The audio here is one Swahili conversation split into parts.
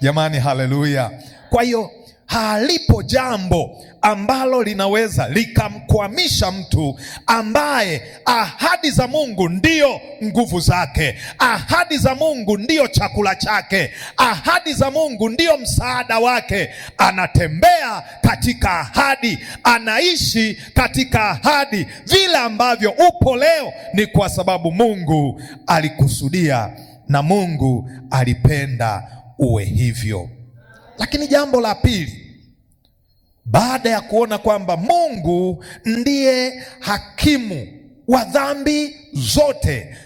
Jamani, haleluya! Kwa hiyo halipo jambo ambalo linaweza likamkwamisha mtu ambaye ahadi za Mungu ndiyo nguvu zake, ahadi za Mungu ndiyo chakula chake, ahadi za Mungu ndiyo msaada wake. Anatembea katika ahadi, anaishi katika ahadi. Vile ambavyo upo leo ni kwa sababu Mungu alikusudia na Mungu alipenda uwe hivyo. Lakini jambo la pili, baada ya kuona kwamba Mungu ndiye hakimu wa dhambi zote,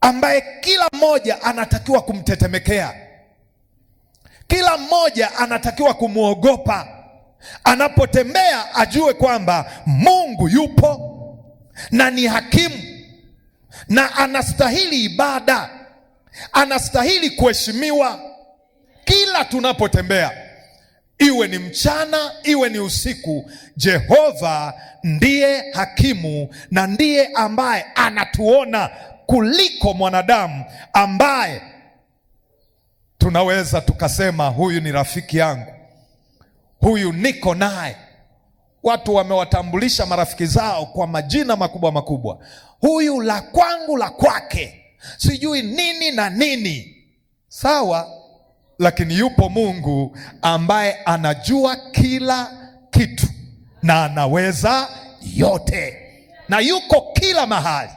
ambaye kila mmoja anatakiwa kumtetemekea, kila mmoja anatakiwa kumwogopa, anapotembea ajue kwamba Mungu yupo na ni hakimu na anastahili ibada anastahili kuheshimiwa kila tunapotembea, iwe ni mchana, iwe ni usiku. Jehova ndiye hakimu na ndiye ambaye anatuona kuliko mwanadamu ambaye tunaweza tukasema huyu ni rafiki yangu, huyu niko naye. Watu wamewatambulisha marafiki zao kwa majina makubwa makubwa, huyu la kwangu, la kwake sijui nini na nini. Sawa, lakini yupo Mungu ambaye anajua kila kitu na anaweza yote na yuko kila mahali.